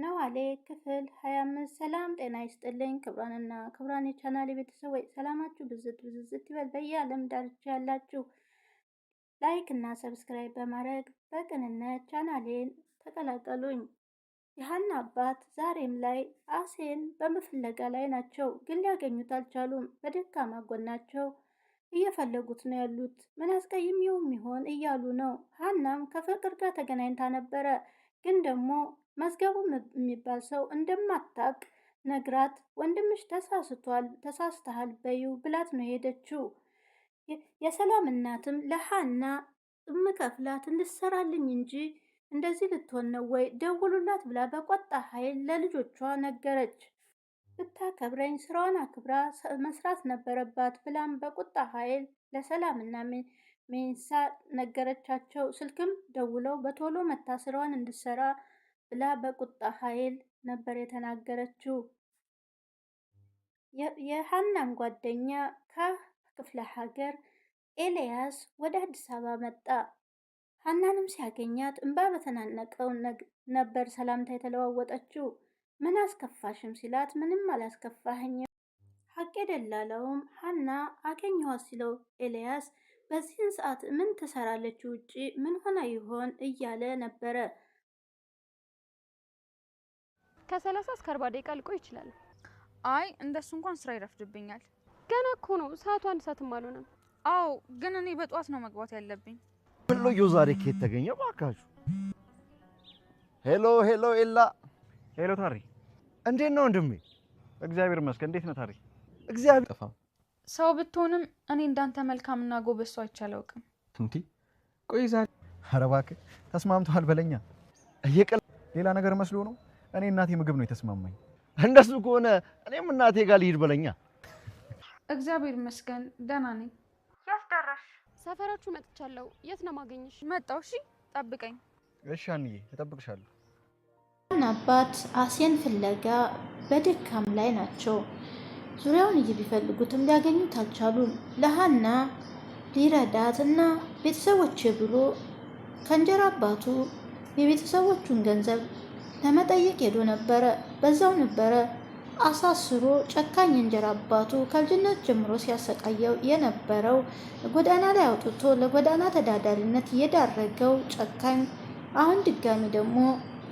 ኖላዊ ክፍል 25 ሰላም ጤና ይስጥልኝ። ክብራንና ክብራን የቻናል ቤተሰቦች! ሰላማችሁ ብዝት ብዝዝት ይበል። በየዓለም ዳርቻ ያላችሁ ላይክ እና ሰብስክራይብ በማድረግ በቅንነት ቻናሌን ተቀላቀሉኝ። የሀና አባት ዛሬም ላይ አሴን በመፈለጋ ላይ ናቸው፣ ግን ሊያገኙት አልቻሉም። በደካማ ጎናቸው እየፈለጉት ነው ያሉት። ምን አስቀይሜው ይሆን እያሉ ነው። ሀናም ከፍቅር ጋር ተገናኝታ ነበረ ግን ደግሞ መዝገቡ የሚባል ሰው እንደማታቅ ነግራት ወንድምሽ ተሳስቷል፣ ተሳስተሃል በዩ ብላት ነው የሄደችው። የሰላም እናትም ለሀና እምከፍላት እንድሰራልኝ እንጂ እንደዚህ ልትሆን ነው ወይ ደውሉላት ብላ በቆጣ ኃይል ለልጆቿ ነገረች። ብታከብረኝ ስራዋን አክብራ መስራት ነበረባት ብላም በቁጣ ኃይል ለሰላምና ሜንሳ ነገረቻቸው። ስልክም ደውለው በቶሎ መታ ስራዋን እንድሰራ ብላ በቁጣ ኃይል ነበር የተናገረችው። የሀናም ጓደኛ ከክፍለ ሀገር ኤልያስ ወደ አዲስ አበባ መጣ። ሃናንም ሲያገኛት እንባ በተናነቀው ነበር ሰላምታ የተለዋወጠችው። ምን አስከፋሽም ሲላት ምንም አላስከፋህኝም። ሀቅ የደላለውም ሀና አገኘኋት ሲለው ኤልያስ በዚህን ሰዓት ምን ትሰራለች ውጪ ምን ሆና ይሆን እያለ ነበረ። ከሰላሳ እስከ አርባ ደቂቃ ልቆይ ይችላል። አይ እንደሱ እንኳን ስራ ይረፍድብኛል። ገና እኮ ነው ሰዓቱ፣ አንድ ሰዓትም አልሆነም። አዎ ግን እኔ በጠዋት ነው መግባት ያለብኝ። ብሎዮ ዛሬ ከየት ተገኘ እባካችሁ? ሄሎ ሄሎ፣ ኤላ ሄሎ። ታሪ እንዴት ነው ወንድሜ? እግዚአብሔር ይመስገን። እንዴት ነው ታሪ? እግዚአብሔር ጠፋ። ሰው ብትሆንም እኔ እንዳንተ መልካምና ጎበሱ አይቻለውቅም። እንዲ ቆይ ዛሬ ኧረ እባክህ ተስማምተዋል በለኛ። እየቀለ ሌላ ነገር መስሎ ነው እኔ እናቴ ምግብ ነው የተስማማኝ። እንደሱ ከሆነ እኔም እናቴ ጋር ልሂድ በለኛ። እግዚአብሔር ይመስገን ደህና ነኝ። ያስጠራሽ ሰፈራችሁ መጥቻለሁ። የት ነው ማገኘሽ? መጣሁ። እሺ ጠብቀኝ። እሺ አንዬ እጠብቅሻለሁ። አባት አሴን ፍለጋ በድካም ላይ ናቸው። ዙሪያውን ቢፈልጉትም ሊያገኙት አልቻሉም። ለሀና ሊረዳት እና ቤተሰቦቼ ብሎ ከእንጀራ አባቱ የቤተሰቦቹን ገንዘብ ለመጠየቅ ሄዶ ነበረ። በዛው ነበረ አሳስሮ ጨካኝ እንጀራ አባቱ ከልጅነት ጀምሮ ሲያሰቃየው የነበረው ጎዳና ላይ አውጥቶ ለጎዳና ተዳዳሪነት የዳረገው ጨካኝ አሁን ድጋሚ ደግሞ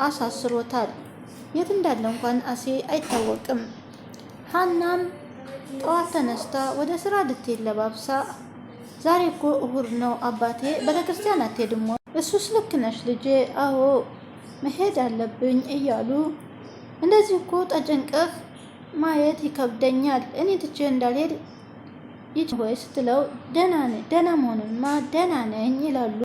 አሳስሮታል። የት እንዳለ እንኳን አሴ አይታወቅም። ሀናም ጠዋት ተነስታ ወደ ስራ ልትሄድ ለባብሳ ዛሬ እኮ እሁድ ነው አባቴ፣ ቤተክርስቲያን አትሄድም? እሱስ ልክ ነሽ ልጄ። አዎ መሄድ አለብኝ እያሉ እንደዚህ እኮ ጠጭንቅህ ማየት ይከብደኛል። እኔ ትቼ እንዳልሄድ ይች ሆይ ስትለው ደህና መሆንማ ደህና ነኝ ይላሉ።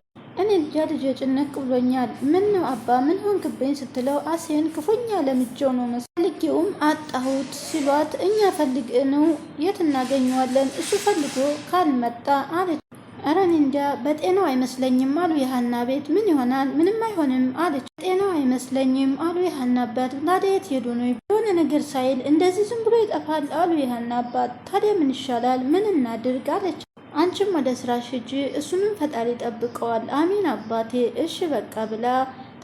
እኔ ልጃ ልጅ ጭንቅ ብሎኛል። ምን ነው አባ ምን ሆንክብኝ ስትለው አሴን ክፉኛ ለምጄው ነው መስ ፈልጌውም አጣሁት ሲሏት እኛ ፈልግ ነው የት እናገኘዋለን እሱ ፈልጎ ካልመጣ አለች። እረ እኔ እንጃ በጤናው አይመስለኝም አሉ የሀና ቤት። ምን ይሆናል? ምንም አይሆንም አለች። ጤናው አይመስለኝም አሉ የሀና አባት። ታዲያ የት ሄዱ ነው? የሆነ ነገር ሳይል እንደዚህ ዝም ብሎ ይጠፋል አሉ የሀና አባት። ታዲያ ምን ይሻላል? ምን እናድርግ አለች። አንቺም ወደ ስራሽ ሂጂ፣ እሱንም ፈጣሪ ጠብቀዋል። አሚን አባቴ፣ እሺ በቃ ብላ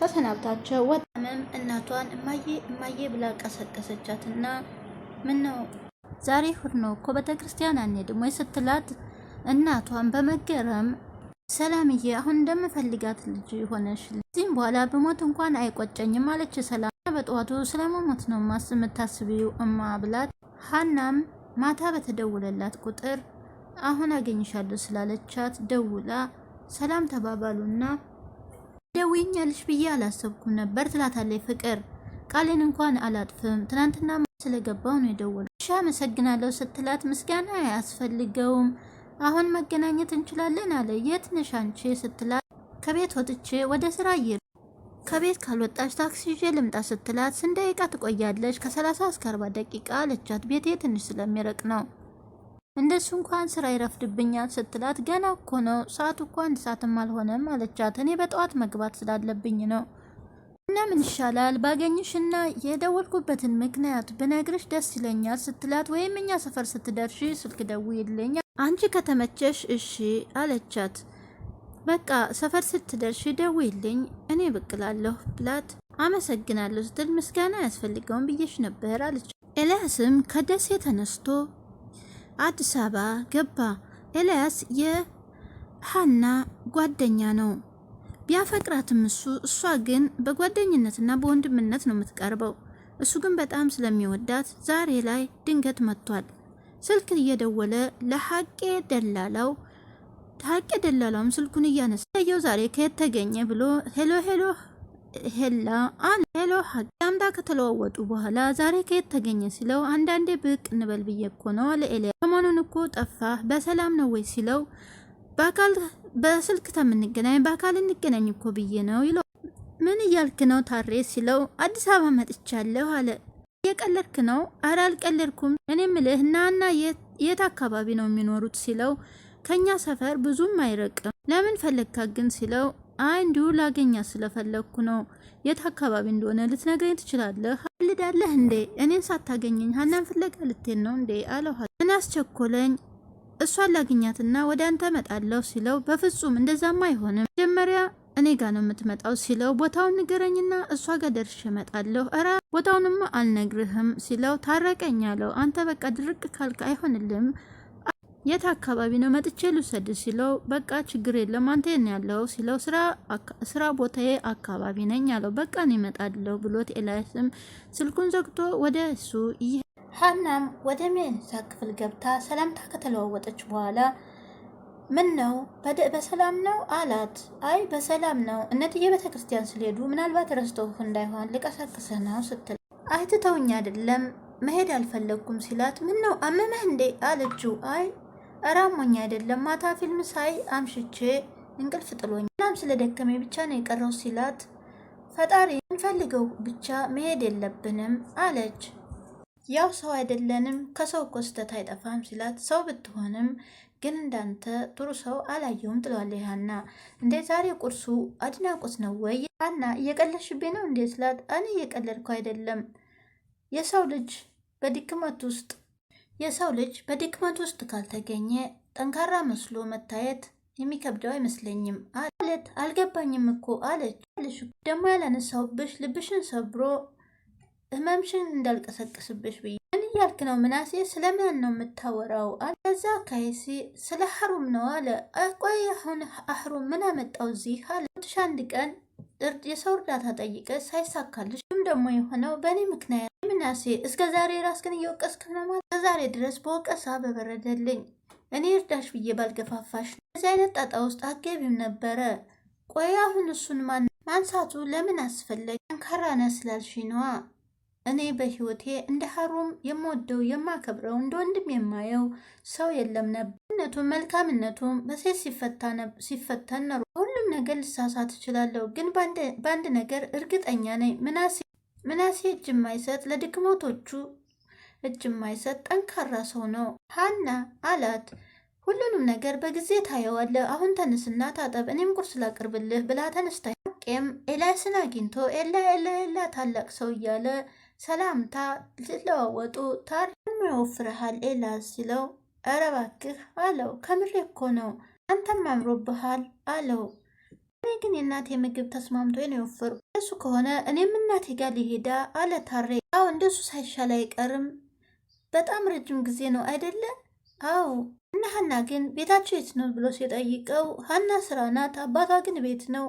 ተሰናብታቸው ወጣመም። እናቷን እማዬ እማዬ ብላ ቀሰቀሰቻትና ምን ነው ዛሬ እሑድ ነው እኮ ቤተ ክርስቲያን አንሄድም ወይ ስትላት እናቷን በመገረም ሰላምዬ አሁን እንደምፈልጋት ልጅ ሆነሽ እዚህም በኋላ በሞት እንኳን አይቆጨኝም አለች። ሰላም በጠዋቱ ስለመሞት ነው ማስ የምታስቢው እማ ብላት፣ ሀናም ማታ በተደውለላት ቁጥር አሁን አገኝሻለሁ ስላለቻት ደውላ ሰላም ተባባሉና ደውኛልሽ ብዬ አላሰብኩም ነበር ትላታለች። ፍቅር ቃሌን እንኳን አላጥፍም ትናንትና ስለገባው ነው የደወለው። እሺ አመሰግናለሁ ስትላት ምስጋና አያስፈልገውም አሁን መገናኘት እንችላለን አለ። የት ነሽ አንቺ ስትላት ከቤት ወጥቼ ወደ ስራ እየሄድኩ ከቤት ካልወጣች ታክሲ ይዤ ልምጣ ስትላት ስንት ደቂቃ ትቆያለች? ከ30 እስከ 40 ደቂቃ አለቻት። ቤቴ ትንሽ ስለሚረቅ ነው እንደሱ እንኳን ስራ ይረፍድብኛል ስትላት ገና እኮ ነው ሰዓቱ እኮ አንድ ሰዓትም አልሆነም አለቻት። እኔ በጠዋት መግባት ስላለብኝ ነው እና ምን ይሻላል ባገኝሽና የደወልኩበትን ምክንያት ብነግርሽ ደስ ይለኛል ስትላት፣ ወይም እኛ ሰፈር ስትደርሽ ስልክ ደውይልኝ አንቺ ከተመቸሽ እሺ አለቻት። በቃ ሰፈር ስትደርሽ ደውይልኝ እኔ ብቅላለሁ ብላት፣ አመሰግናለሁ ስትል ምስጋና አያስፈልገውም ብዬሽ ነበር አለች። ኤልያስም ከደሴ ተነስቶ አዲስ አበባ ገባ። ኤልያስ የሀና ጓደኛ ነው። ቢያፈቅራትም እሱ እሷ ግን በጓደኝነትና በወንድምነት ነው የምትቀርበው። እሱ ግን በጣም ስለሚወዳት ዛሬ ላይ ድንገት መጥቷል። ስልክ እየደወለ ለሀቄ ደላላው ሀቄ ደላላውም ስልኩን እያነሳ ያየው ዛሬ ከየት ተገኘ ብሎ ሄሎ ሄሎ ሄላ አለ። ሄሎ ሀቄ አምዳ ከተለዋወጡ በኋላ ዛሬ ከየት ተገኘ ሲለው አንዳንዴ ብቅ እንበል ብዬ እኮ ነው አለ ኤልያስ። ሰሞኑን እኮ ጠፋ በሰላም ነው ወይ ሲለው በአካል በስልክ ተምንገናኝ በአካል እንገናኝ እኮ ብዬ ነው ይለው። ምን እያልክ ነው ታሬ ሲለው አዲስ አበባ መጥቻለሁ አለ። እየቀለድክ ነው? አረ አልቀለድኩም። እኔ ምልህ ናና የት አካባቢ ነው የሚኖሩት ሲለው ከኛ ሰፈር ብዙም አይረቅም። ለምን ፈለግካ ግን ሲለው አይ እንዲሁ ላገኛ ስለፈለግኩ ነው። የት አካባቢ እንደሆነ ልትነግረኝ ትችላለህ? ልዳለህ እንዴ? እኔን ሳታገኘኝ ሀናን ፍለጋ ልትሄድ ነው እንዴ አለው። ምን አስቸኮለኝ እሷን ላግኛትና ወደ አንተ እመጣለሁ ሲለው በፍጹም እንደዛማ አይሆንም፣ መጀመሪያ እኔ ጋ ነው የምትመጣው ሲለው ቦታውን ንገረኝና እሷ ጋር ደርሼ እመጣለሁ። እረ ቦታውንም አልነግርህም ሲለው ታረቀኝ አለው። አንተ በቃ ድርቅ ካልክ አይሆንልም የት አካባቢ ነው መጥቼ ልውሰድ ሲለው በቃ ችግር የለም አንተ ያለው ሲለው ስራ ቦታዬ አካባቢ ነኝ አለው። በቃ እመጣለሁ ብሎት ኤልያስም ስልኩን ዘግቶ ወደ እሱ ሀናም ወደ ሜሊሳ ክፍል ገብታ ሰላምታ ከተለዋወጠች በኋላ ምን ነው በሰላም ነው አላት። አይ በሰላም ነው እነትዬ ቤተ ክርስቲያን ስለሄዱ ምናልባት ረስቶህ እንዳይሆን ልቀሰቅስህ ነው ስትል አይትተውኝ አይደለም መሄድ አልፈለግኩም ሲላት ምን ነው አመመህ እንዴ አለችው። አይ እራሞኝ አይደለም ማታ ፊልም ሳይ አምሽቼ እንቅልፍ ጥሎኝ ናም ስለ ደከሜ ብቻ ነው የቀረው ሲላት ፈጣሪ እንፈልገው ብቻ መሄድ የለብንም አለች። ያው ሰው አይደለንም ከሰው እኮ ስህተት አይጠፋም ሲላት ሰው ብትሆንም ግን እንዳንተ ጥሩ ሰው አላየውም ትለዋለች ሀና። እንዴ ዛሬ ቁርሱ አድናቆት ነው ወይ ሀና እየቀለድሽብኝ ነው እንዴ ስላት እኔ እየቀለድኩ አይደለም የሰው ልጅ በድክመት ውስጥ የሰው ልጅ በድክመት ውስጥ ካልተገኘ ጠንካራ መስሎ መታየት የሚከብደው አይመስለኝም አለት አልገባኝም እኮ አለች ደግሞ ያላነሳውብሽ ልብሽን ሰብሮ ህመምሽን እንዳልቀሰቅስብሽ ብዬ ምን እያልክ ነው ምናሴ? ስለምን ነው የምታወራው? አለዛ ካይሲ ስለ ሀሩም ነው አለ። ቆይ አሁን አህሩም ምን አመጣው እዚህ አለ። ትሽ አንድ ቀን የሰው እርዳታ ጠይቀ ሳይሳካልሽ ም ደግሞ የሆነው በእኔ ምክንያት ምናሴ፣ እስከ ዛሬ ራስክን እየወቀስክ ነው ማለት እስከ ዛሬ ድረስ በወቀሳ በበረደልኝ እኔ እርዳሽ ብዬ ባልገፋፋሽ እዚህ አይነት ጣጣ ውስጥ አገቢም ነበረ። ቆይ አሁን እሱን ማንሳቱ ለምን አስፈለገ? ጠንካራ ነህ ስላልሽ ነዋ። እኔ በህይወቴ እንደ ሀሩም የምወደው የማከብረው እንደ ወንድም የማየው ሰው የለም ነበር። ነቱም መልካምነቱም በሴት ሲፈተን ነሩ። ሁሉም ነገር ልሳሳት እችላለሁ፣ ግን በአንድ ነገር እርግጠኛ ነኝ። ምናሴ እጅ የማይሰጥ ለድክሞቶቹ እጅ የማይሰጥ ጠንካራ ሰው ነው። ሀና አላት። ሁሉንም ነገር በጊዜ ታየዋለ አሁን ተነስና ታጠብ፣ እኔም ቁርስ ላቅርብልህ ብላ ተነስታ ቄም ኤላስን አግኝቶ ኤላ ኤላ ኤላ ታላቅ ሰው እያለ ሰላምታ ልለዋወጡ ታዲያ ምን ወፍረሃል ኤላ ሲለው ኧረ እባክህ አለው። ከምሬ እኮ ነው አንተም አምሮብሃል አለው። እኔ ግን የእናቴ ምግብ ተስማምቶ ነው የወፈሩ እሱ ከሆነ እኔም እናቴ ጋር ሊሄዳ አለ ታሬ። አዎ እንደሱ ሳይሻል አይቀርም። በጣም ረጅም ጊዜ ነው አይደለ? አዎ እና ሀና ግን ቤታቸው የት ነው ብሎ ሲጠይቀው ሀና ስራ ናት፣ አባቷ ግን ቤት ነው።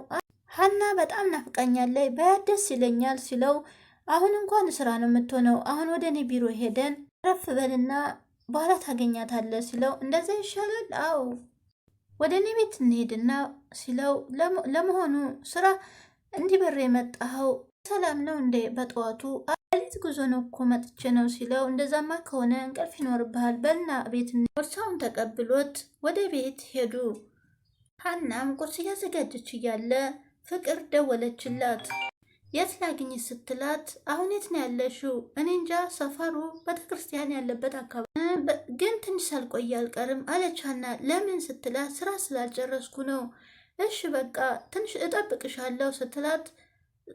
ሀና በጣም ናፍቃኛለች፣ በያት ደስ ይለኛል ሲለው አሁን እንኳን ስራ ነው የምትሆነው። አሁን ወደ እኔ ቢሮ ሄደን ረፍ በልና በኋላ ታገኛታለህ ሲለው እንደዛ ይሻላል። አዎ ወደ እኔ ቤት እንሄድና ሲለው ለመሆኑ ስራ እንዲበር የመጣኸው ሰላም ነው እንዴ? በጠዋቱ አሊት ጉዞ ነው እኮ መጥቼ ነው ሲለው እንደዛማ ከሆነ እንቅልፍ ይኖርብሃል በልና ቤት ቦርሳውን ተቀብሎት ወደ ቤት ሄዱ። ሀናም ቁርስ እያዘጋጀች እያለ ፍቅር ደወለችላት። የት ላግኝ ስትላት አሁን የት ነው ያለሽው? እኔ እንጃ ሰፈሩ ቤተክርስቲያን ያለበት አካባቢ ግን ትንሽ ሳልቆይ አልቀርም አለቻና ለምን ስትላት ስራ ስላልጨረስኩ ነው። እሺ በቃ ትንሽ እጠብቅሻለሁ ስትላት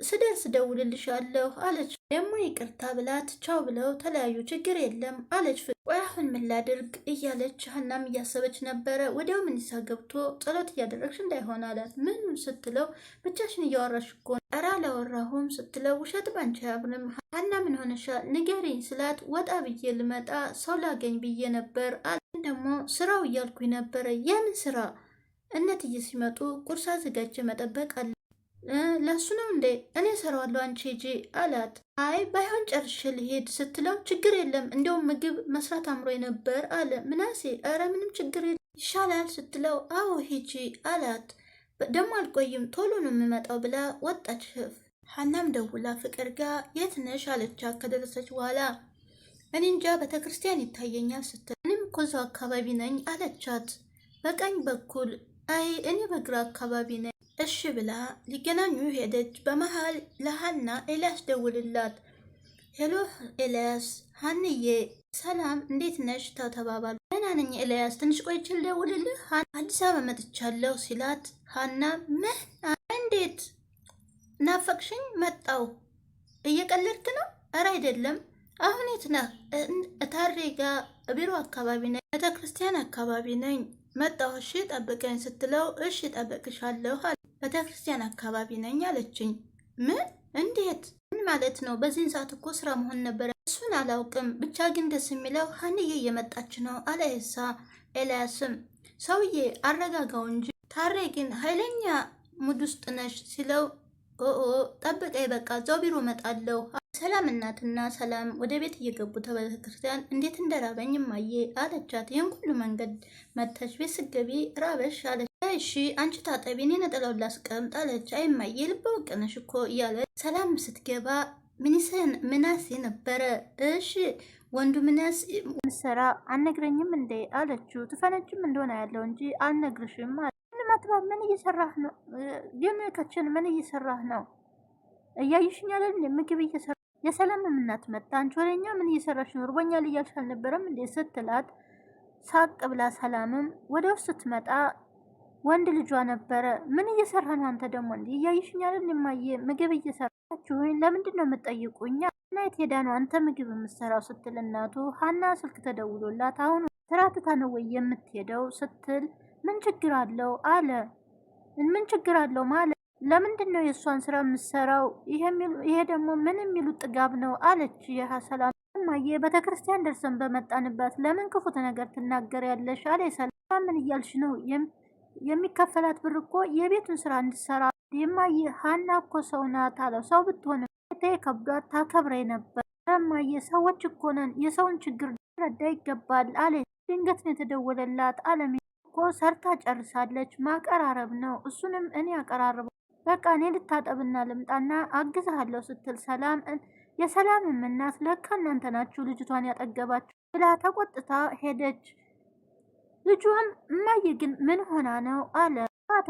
ስደርስ ደውልልሻለሁ አለች። ደግሞ ይቅርታ ብላት ቻው ብለው ተለያዩ። ችግር የለም አለች። ቆይ አሁን ምን ላድርግ እያለች ሀናም እያሰበች ነበረ። ወዲያው ምንሳ ገብቶ ጸሎት እያደረግሽ እንዳይሆን አላት። ምን ስትለው ብቻሽን እያወራሽ እኮ ኧረ አላወራሁም ስትለው ውሸት ባንቺ አያምርም ሀና ምን ሆነሻ ንገሪኝ ስላት ወጣ ብዬ ልመጣ ሰው ላገኝ ብዬ ነበር አለ። ደግሞ ስራው እያልኩኝ ነበረ። የምን ስራ? እነትዬ ሲመጡ ቁርስ አዘጋጅቼ መጠበቅ አለ ለእሱ ነው እንዴ? እኔ ሰራዋለሁ፣ አንቺ ሂጂ አላት። አይ ባይሆን ጨርሼ ልሄድ ስትለው ችግር የለም እንዲያውም ምግብ መስራት አምሮ ነበር አለ ምናሴ። ኧረ ምንም ችግር ይሻላል ስትለው አዎ ሂጂ አላት። ደግሞ አልቆይም ቶሎ ነው የምመጣው ብላ ወጣች። ሀናም ደውላ ፍቅር ጋር የት ነሽ ከደረሰች በኋላ እኔ እንጃ ቤተ ክርስቲያን ይታየኛል ስትል እኔም እኮ እዛው አካባቢ ነኝ አለቻት። በቀኝ በኩል አይ እኔ በግራ አካባቢ ነኝ እሺ ብላ ሊገናኙ ሄደች። በመሃል ለሀና ኤልያስ ደውልላት። ሄሎ ኤልያስ፣ ሀንዬ ሰላም፣ እንዴት ነሽ? ተተባባሉ። ደህና ነኝ ኤልያስ፣ ትንሽ ቆይቼ ልደውልልህ አዲስ አበባ መጥቻለሁ ሲላት፣ ሀና ምን? እንዴት ናፈቅሽኝ? መጣው። እየቀለድክ ነው? ኧረ አይደለም። አሁን የት ነህ? እታሬ ጋ ቢሮ አካባቢ ነኝ፣ ቤተ ክርስቲያን አካባቢ ነኝ መጣሁ። እሺ ጠብቀኝ ስትለው፣ እሺ ጠብቅሻለሁ ቤተክርስቲያን አካባቢ ነኝ አለችኝ። ምን? እንዴት? ምን ማለት ነው? በዚህን ሰዓት እኮ ስራ መሆን ነበረ። እሱን አላውቅም። ብቻ ግን ደስ የሚለው ሀንዬ እየመጣች ነው አለ ኤልሳ። ኤልያስም ሰውዬ አረጋጋው እንጂ ታሬ ግን ኃይለኛ ሙድ ውስጥ ነሽ ሲለው ኦኦ ጠብቀኝ፣ በቃ እዛው ቢሮ እመጣለሁ። ሰላም እናትና ሰላም ወደ ቤት እየገቡ ተቤተ ክርስቲያን እንዴት እንደራበኝ ማየ አለቻት። ይህን ሁሉ መንገድ መተሽ ቤት ስገቢ ራበሽ አለች። እሺ አንቺ ታጠቢ፣ እኔ ነጠላውን ላስቀምጥ አለች። አይማዬ የልብ ወቅ እኮ እያለ ሰላም ስትገባ ምናሴ ነበረ። እሺ ወንዱ ምናስ ምሰራ አነግረኝም እንዴ አለችው። ትፈነጅም እንደሆነ ያለው እንጂ አልነግርሽም አለ። ምንማትባ ምን እየሰራህ ነው? ግን ከችን ምን እየሰራህ ነው? እያይሽኝ ያለ ምግብ እየሰራ የሰላም እናት መጣ። አንቺ ወደኛ ምን እየሰራሽ ነው? እርቦኛል እያልሽ አልነበረም እንዴ ስትላት ሳቅ ብላ ሰላምም ወደ ውስጥ ስትመጣ ወንድ ልጇ ነበረ። ምን እየሰራ ነው አንተ ደግሞ? እንዲህ እያየሽኝ አይደል? ምግብ እየሰራችሁ ወይ? ለምንድን ነው የምጠይቁኛ? ናይት ሄዳ ነው አንተ ምግብ የምሰራው ስትል እናቱ ሀና ስልክ ተደውሎላት አሁን ስራ ትታ ነው ወይ የምትሄደው ስትል ምን ችግር አለው አለ። ምን ችግር አለው ማለት ለምንድን ነው የእሷን ስራ የምሰራው? ይሄ ደግሞ ምን የሚሉት ጥጋብ ነው አለች የሰላም እማዬ። ቤተ ክርስቲያን ደርሰን በመጣንበት ለምን ክፉት ነገር ትናገር ያለሽ አለ ሰላም። ምን እያልሽ ነው የሚከፈላት ብር እኮ የቤቱን ስራ እንድሰራ የማየ ሀና እኮ ሰው ናት አለው። ሰው ብትሆንም ከብዷት ታከብረኝ ነበር። ረማየ ሰዎች እኮ ነን፣ የሰውን ችግር ረዳ ይገባል አለ። ድንገት ነው የተደወለላት። አለሚ እኮ ሰርታ ጨርሳለች፣ ማቀራረብ ነው። እሱንም እኔ አቀራርበ በቃ እኔ ልታጠብና ልምጣና አግዝሃለሁ ስትል ሰላም የሰላም እናት ለካ እናንተ ናችሁ ልጅቷን ያጠገባችሁ ብላ ተቆጥታ ሄደች። ልጇም እማዬ ግን ምን ሆና ነው አለ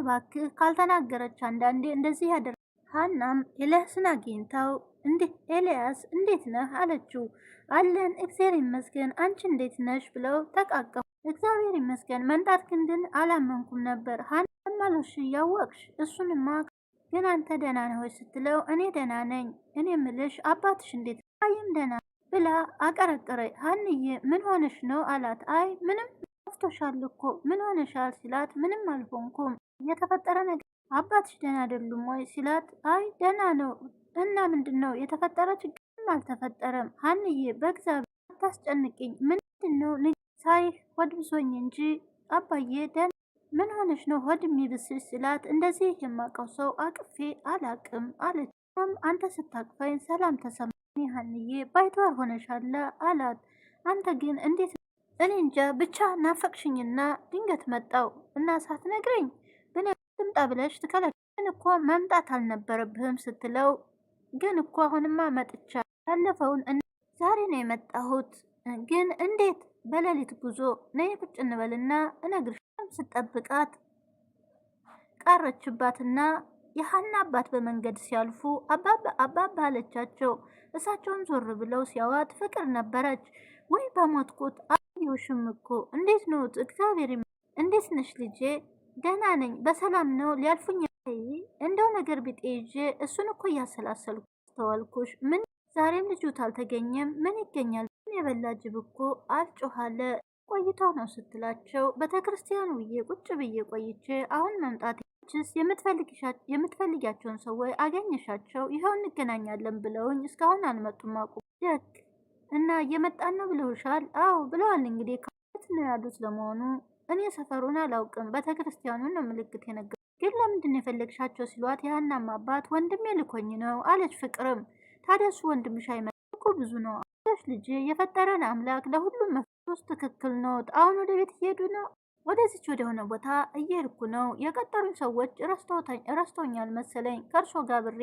እባክህ ካልተናገረች አንዳንዴ እንደዚህ ያደር ሀናም ኤልያስን አግኝታው እንዲህ ኤልያስ እንዴት ነህ አለችው አለን እግዚአብሔር ይመስገን አንቺ እንዴት ነሽ ብለው ተቃቀፉ እግዚአብሔር ይመስገን መንጣት ክንድን አላመንኩም ነበር ሀና ማለሽ እያወቅሽ እሱንማ ግን አንተ ደህና ነህ ወይ ስትለው እኔ ደህና ነኝ እኔ ምልሽ አባትሽ እንዴት አይም ደህና ብላ አቀረቀረ ሀንዬ ምን ሆነሽ ነው አላት አይ ምንም ጠፍቶሻል እኮ ምን ሆነሻል ሲላት ምንም አልሆንኩም የተፈጠረ ነገር አባትሽ ደህና አይደሉም ወይ ሲላት አይ ደህና ነው እና ምንድን ነው የተፈጠረ ችግርም አልተፈጠረም ሀንዬ በእግዚአብሔር አታስጨንቅኝ ምንድን ነው ሳይህ ሆድ ብሶኝ እንጂ አባዬ ደህና ምን ሆነሽ ነው ሆድ የሚብስሽ ሲላት እንደዚህ የማውቀው ሰው አቅፌ አላቅም አለች አንተ ስታቅፈኝ ሰላም ተሰማኝ ሀንዬ ባይተዋር ሆነሻለ አላት አንተ ግን እንዴት እኔ እንጃ ብቻ ናፈቅሽኝና ድንገት መጣው እና ሳትነግረኝ ትምጣ ብለሽ ትከለ ግን እኮ መምጣት አልነበረብህም ስትለው፣ ግን እኮ አሁንማ መጥቻ ያለፈውን ዛሬ ነው የመጣሁት። ግን እንዴት በሌሊት ጉዞ ነይ ቁጭ እንበልና እነግርሽ ስጠብቃት ቀረችባትና የሀና አባት በመንገድ ሲያልፉ አባባ አባባ አለቻቸው። እሳቸውን ዞር ብለው ሲያዋት ፍቅር ነበረች ወይ በሞትኩት አላየሁሽም እኮ እንዴት ነው? እግዚአብሔር እንዴት ነሽ ልጄ? ደህና ነኝ፣ በሰላም ነው። ሊያልፉኝ እንደው ነገር ቢጤ ይዤ እሱን እኮ እያሰላሰልኩ ተዋልኩሽ። ምን ዛሬም ልጁት አልተገኘም? ምን ይገኛል? የበላ ጅብ እኮ አልጮኋለ ቆይታው ነው ስትላቸው፣ ቤተ ክርስቲያን ውዬ ቁጭ ብዬ ቆይቼ አሁን መምጣት ችስ የምትፈልጊያቸውን ሰዎች አገኘሻቸው? ይኸው እንገናኛለን ብለውኝ እስካሁን አልመጡም። አቁ ደግ እና እየመጣን ነው ብለውሻል? አዎ ብለዋል። እንግዲህ ከት ነው ያሉት። ለመሆኑ እኔ ሰፈሩን አላውቅም፣ ቤተክርስቲያኑን ነው ምልክት የነገሩ። ግን ለምንድን የፈለግሻቸው ሲሏት የሀናም አባት ወንድሜ ልኮኝ ነው አለች። ፍቅርም ታዲያ እሱ ወንድምሽ አይመጣም እኮ ብዙ ነው አለች። ልጄ የፈጠረን አምላክ ለሁሉም መፍትሄ ትክክል ነው። አሁን ወደ ቤት እየሄዱ ነው። ወደዚች ወደሆነ ቦታ እየሄድኩ ነው። የቀጠሩኝ ሰዎች ረስተውኛል መሰለኝ ከእርሶ ጋር ብሬ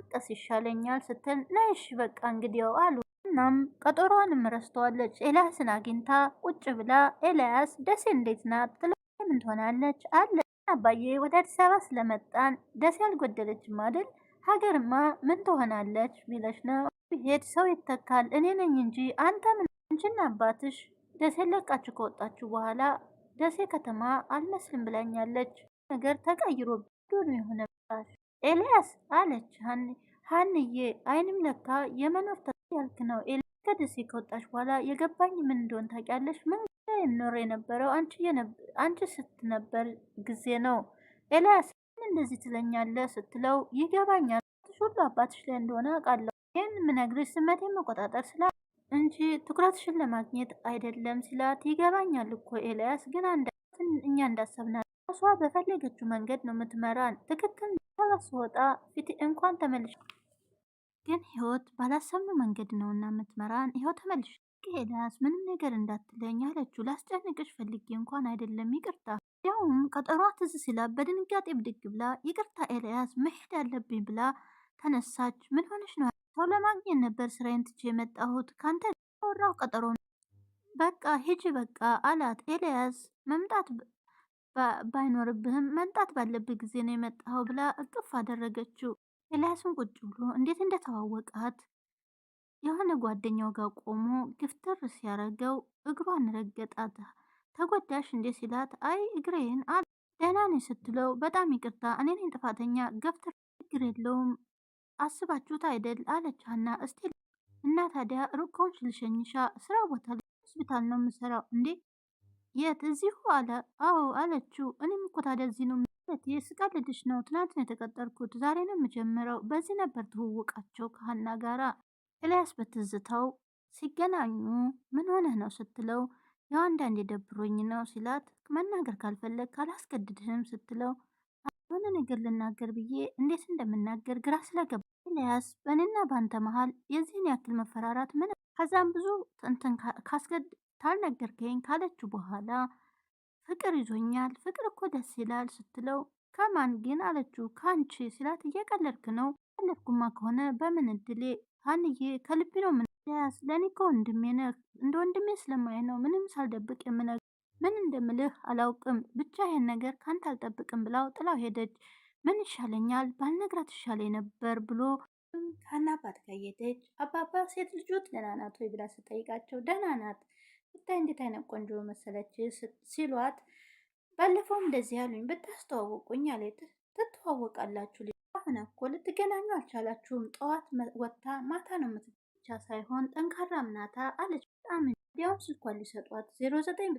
ብንቀሳቀስ ይሻለኛል ስትል ነሽ በቃ እንግዲያው አሉ። እናም ቀጠሯንም ረስተዋለች። ኤልያስን አግኝታ ቁጭ ብላ ኤልያስ ደሴ እንዴት ናት ትለ ምን ትሆናለች አለ አባዬ ወደ አዲስ አበባ ስለመጣን ደሴ አልጎደለችም አይደል? ሀገርማ ምን ትሆናለች ቢለሽ ነው ብሄድ ሰው ይተካል። እኔ ነኝ እንጂ አንተ ምን እንችና አባትሽ ደሴ ለቃችሁ ከወጣችሁ በኋላ ደሴ ከተማ አልመስልም ብላኛለች። ነገር ተቀይሮ ዱር የሆነ ኤልያስ አለች ሀንዬ። አይንም ለካ የመኖር ተ ያልክ ነው። ኤልያስ ከደሴ ከወጣች በኋላ የገባኝ ምን እንደሆን ታውቂያለሽ? ምን ኖር የነበረው አንቺ ስትነበር ጊዜ ነው። ኤልያስ ምን እንደዚህ ትለኛለ ስትለው ይገባኛል፣ ሁሉ አባትሽ ላይ እንደሆነ አውቃለሁ። ይህን ምነግርሽ ስመቴ መቆጣጠር ስላ እንጂ ትኩረትሽን ለማግኘት አይደለም ሲላት፣ ይገባኛል እኮ ኤልያስ ግን እኛ እንዳሰብና እሷ በፈለገችው መንገድ ነው የምትመራን። ትክክል ስወጣ ፊት እንኳን ተመልሽ ግን ህይወት ባላሰብነው መንገድ ነው እና የምትመራን። ይኸው ተመልሽ ሄዳስ ምንም ነገር እንዳትለኝ አለችው። ላስጨንቅሽ ፈልጌ እንኳን አይደለም ይቅርታ። ያውም ቀጠሯ ትዝ ሲላ በድንጋጤ ብድግ ብላ ይቅርታ ኤልያስ መሄድ አለብኝ ብላ ተነሳች። ምን ሆነች ነው? ሰው ለማግኘት ነበር ስራዬን ትቼ የመጣሁት ከአንተ ወራው ቀጠሮ በቃ ሂጂ በቃ አላት ኤልያስ መምጣት ባይኖርብህም መምጣት ባለብህ ጊዜ ነው የመጣኸው ብላ እቅፍ አደረገችው። ኤልያስን ቁጭ ብሎ እንዴት እንደተዋወቃት የሆነ ጓደኛው ጋር ቆሞ ግፍትር ሲያረገው እግሯን ረገጣት። ተጎዳሽ እንዴ ሲላት አይ እግሬን አ ደህና ነኝ ስትለው በጣም ይቅርታ እኔ ነኝ ጥፋተኛ፣ ገፍትር ችግር የለውም አስባችሁት አይደል አለቻና እስቲ እና ታዲያ ሩቅ ከሆንሽ ልሸኝሻ፣ ስራ ቦታ ሆስፒታል ነው የምሰራው እንዴ የት እዚሁ አለ። አዎ አለችው። እኔም እኮ ታዲያ እዚህ ነው ማለት የስቀልድሽ ነው። ትናንት ነው የተቀጠርኩት፣ ዛሬ ነው የምጀምረው። በዚህ ነበር ትውውቃቸው ከሀና ጋራ። ኤልያስ በትዝታው ሲገናኙ ምን ሆነህ ነው ስትለው ያው አንዳንዴ ደብሮኝ ነው ሲላት መናገር ካልፈለግ ካላስገድድህም ስትለው የሆነ ነገር ልናገር ብዬ እንዴት እንደምናገር ግራ ስለገባ ኤልያስ በእኔና በአንተ መሀል የዚህን ያክል መፈራራት ምን ከዛም ብዙ እንትን ታልነገርከኝ ካለችው በኋላ ፍቅር ይዞኛል፣ ፍቅር እኮ ደስ ይላል ስትለው ከማን ግን አለችው። ከአንቺ ሲላት እየቀለድክ ነው። ቀለድኩማ ከሆነ በምን እድሌ አንዬ ከልቢ ነው ምንያስ ለእኔ እኮ ወንድሜ ነህ። እንደ ወንድሜ ስለማይ ነው ምንም ሳልደብቅ የምነግርህ። ምን እንደምልህ አላውቅም፣ ብቻ ይህን ነገር ካንተ አልጠብቅም ብላው ጥላው ሄደች። ምን ይሻለኛል ባልነግራት ይሻለኝ ነበር ብሎ ከእናባት ጋር ሄደች። አባባ ሴት ልጆት ደህና ናት ወይ ብላ ስጠይቃቸው ደህና ናት ብታይ እንዴት አይነት ቆንጆ መሰለች ሲሏት፣ ባለፈው እንደዚህ ያሉኝ ብታስተዋወቁኝ አለች። ትተዋወቃላችሁ ልጅ አሁን እኮ ልትገናኙ አልቻላችሁም። ጠዋት ወጥታ ማታ ነው ምት ሳይሆን ጠንካራ ምናታ አለች። በጣም እንዲያውም ስልኳን ሊሰጧት ዜሮ ዘጠኝ